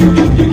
Thank you.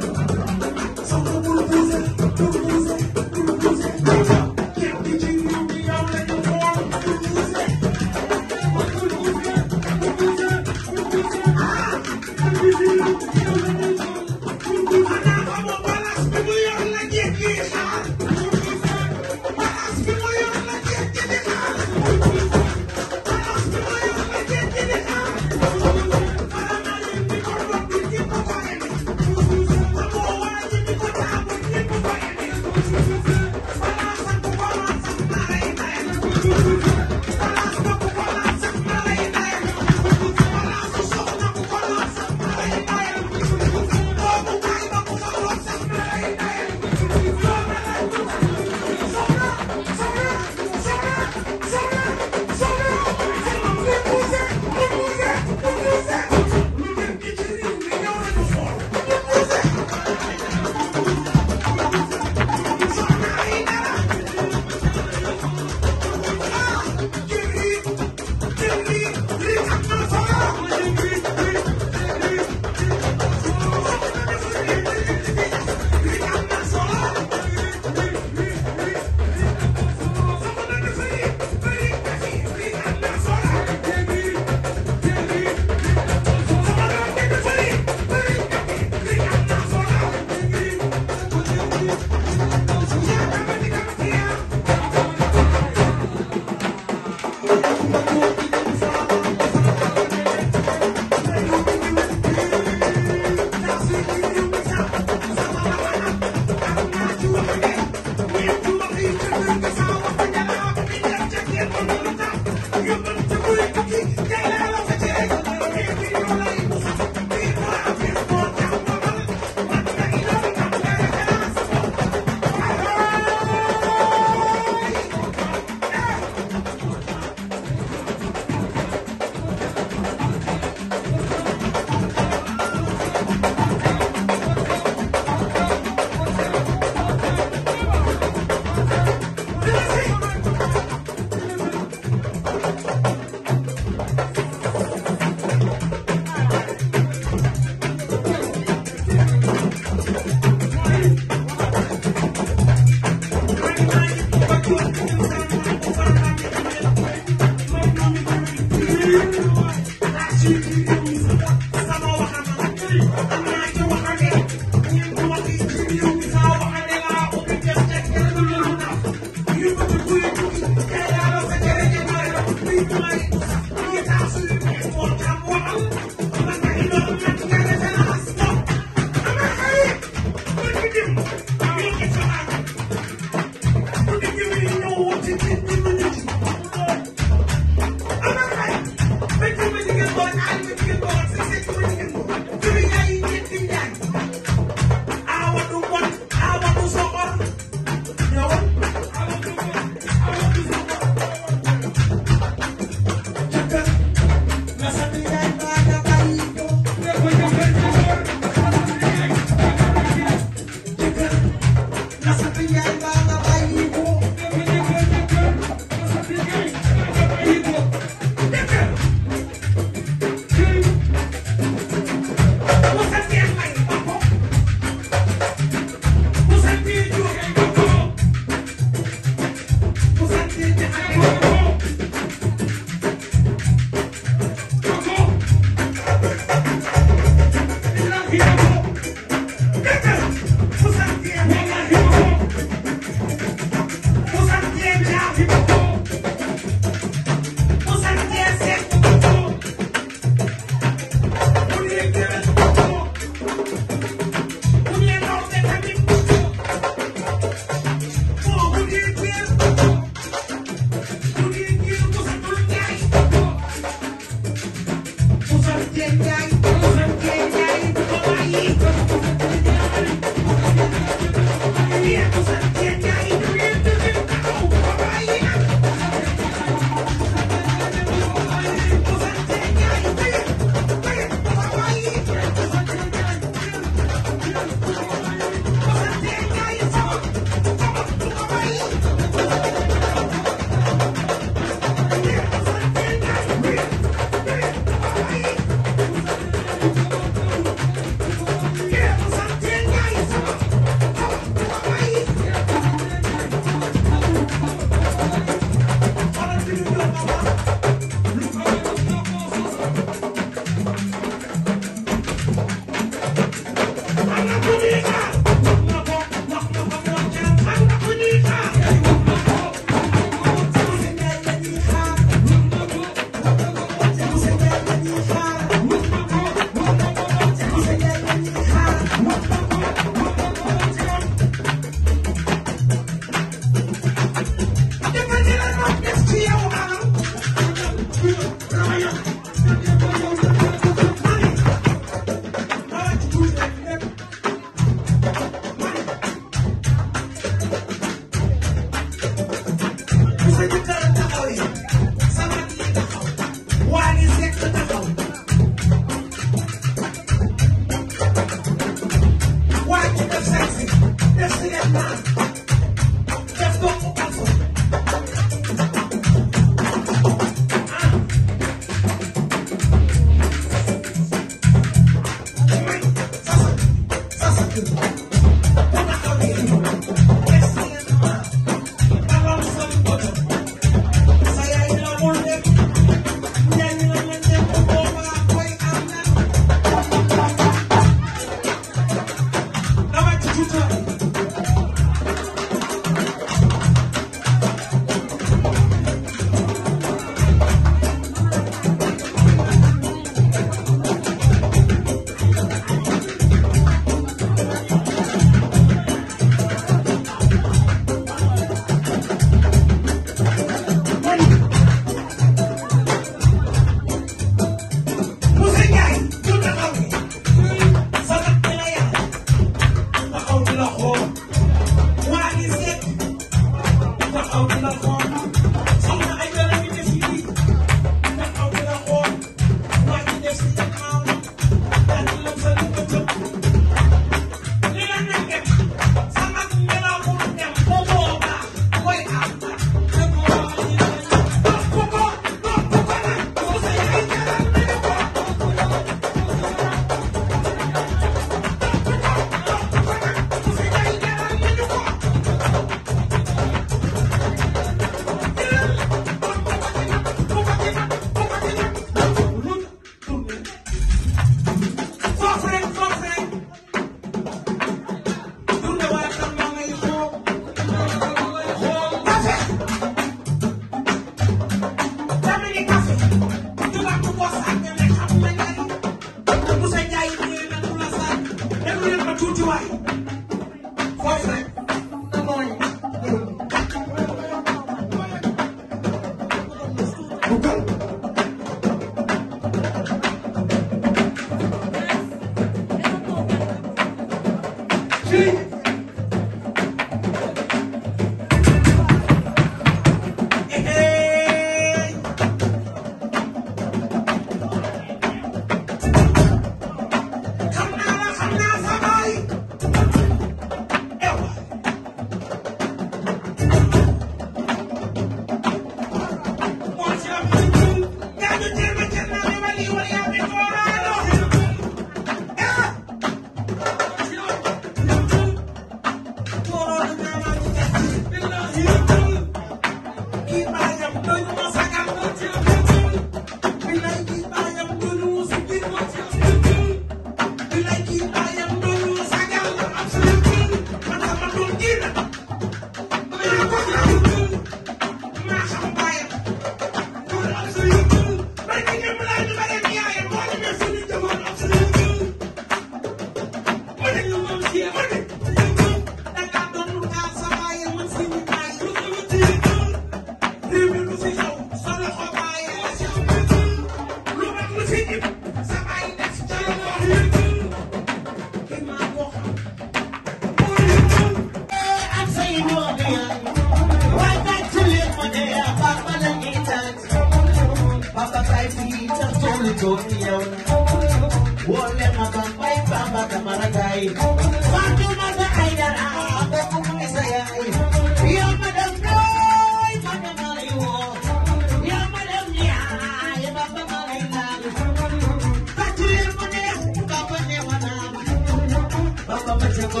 One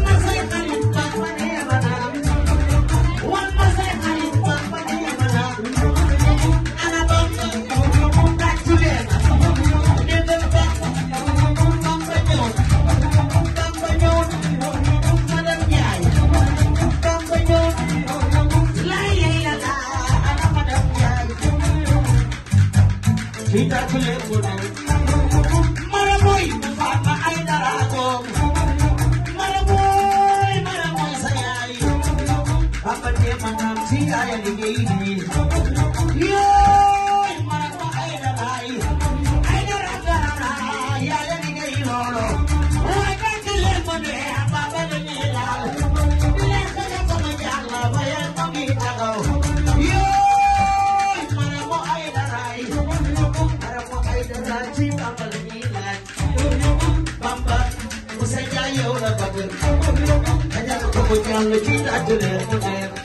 more I'm gonna keep that to the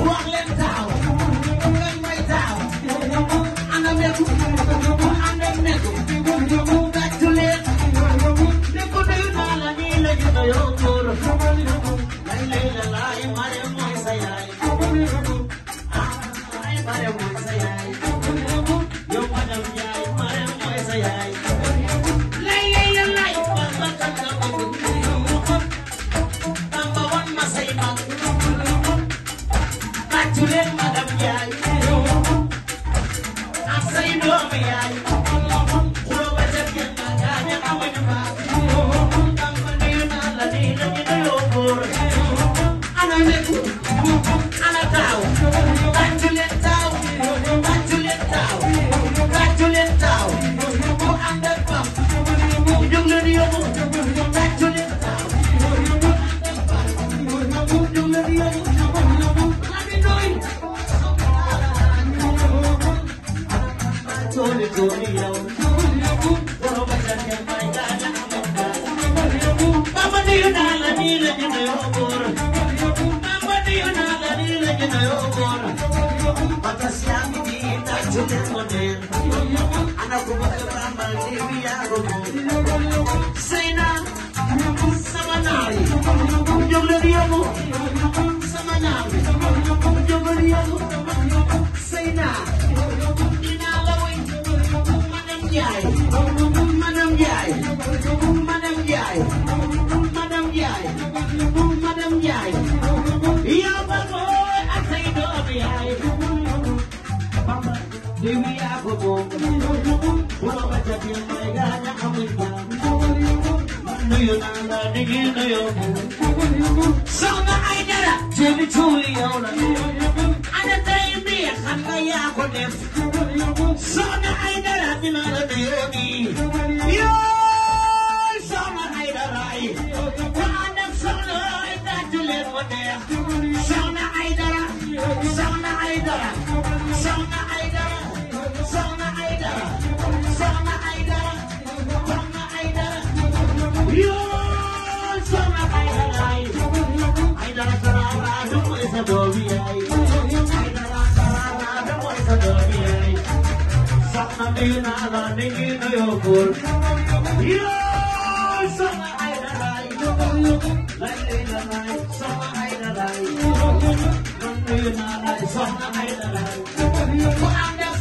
wax Madam Yai. nuyu naa la ni ngeen na yóbbu. soxna ay dara. jëli tuuli yow la. ana tey bi xam nga yaa ko def. soxna ay dara dina la nuyoo nii. yoo soxna ay dara yi. ku ànd ak soxna ay dara ju leen ko neex. soxna ay dara. soxna ay dara. soxna ay dara. soxna ay dara. soxna ay dara. ta doomi yaay ay dara dara naa da mooy sa doomi yaay soxna bi naa la ni ngi nuyoo góor yoo soxna ay daraay lay lay daraay soxna ay daraay man nuyu naa lay soxna ay daraay ku am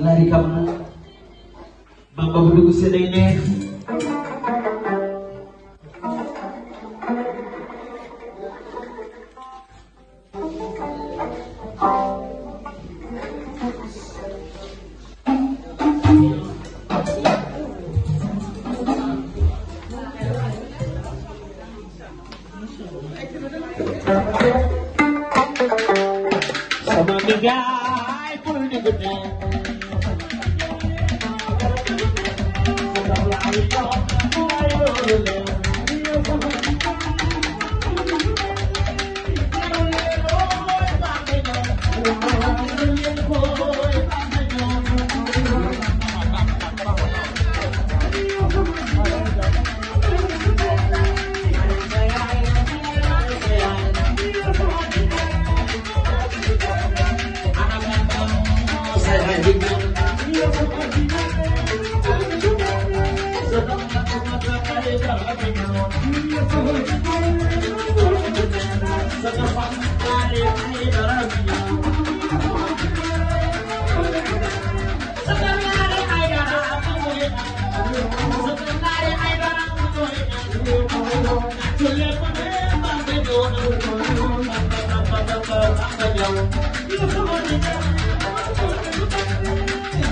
alari kam bamba bu dugg see day neex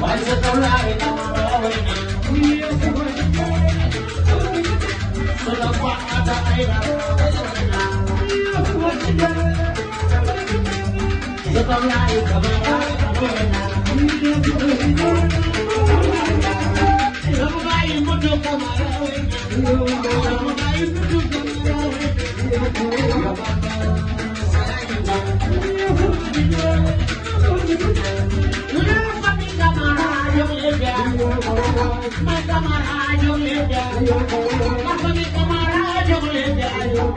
Why is it all right? My camaraderos, my camaraderos, i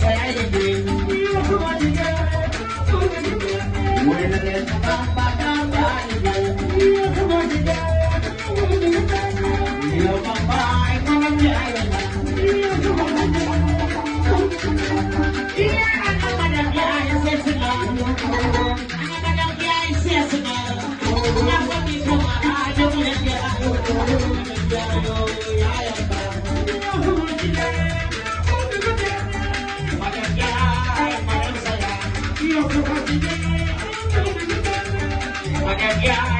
Saya bam bam Yeah.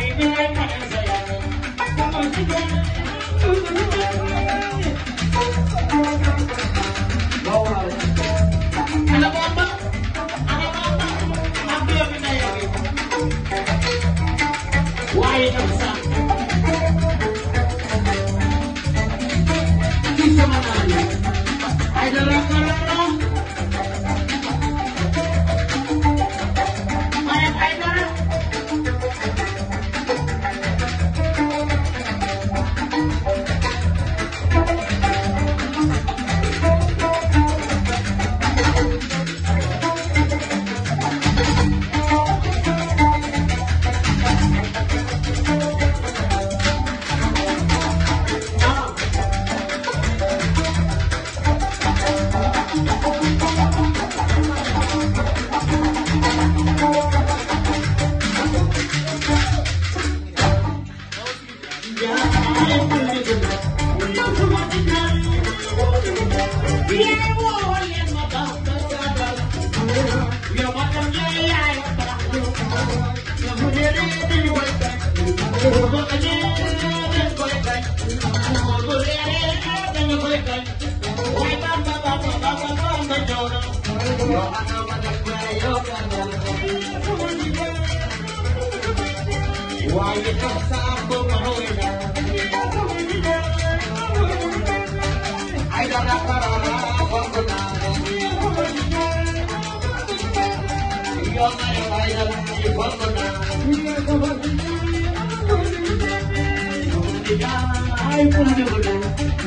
I'm gonna do it.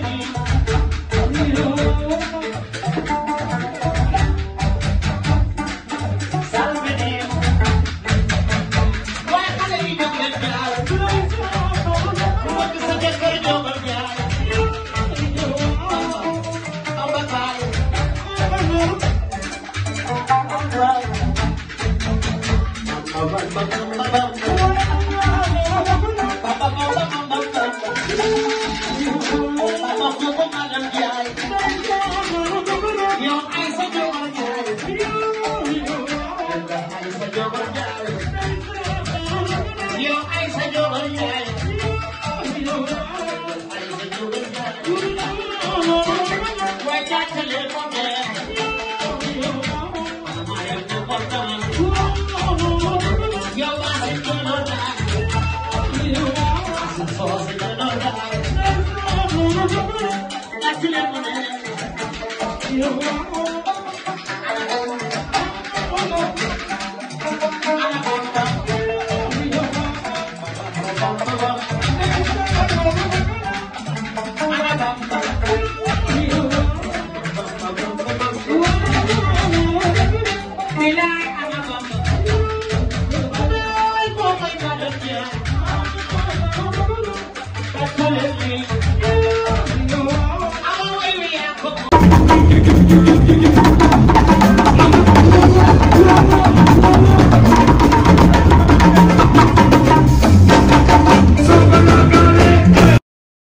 Thank you. you.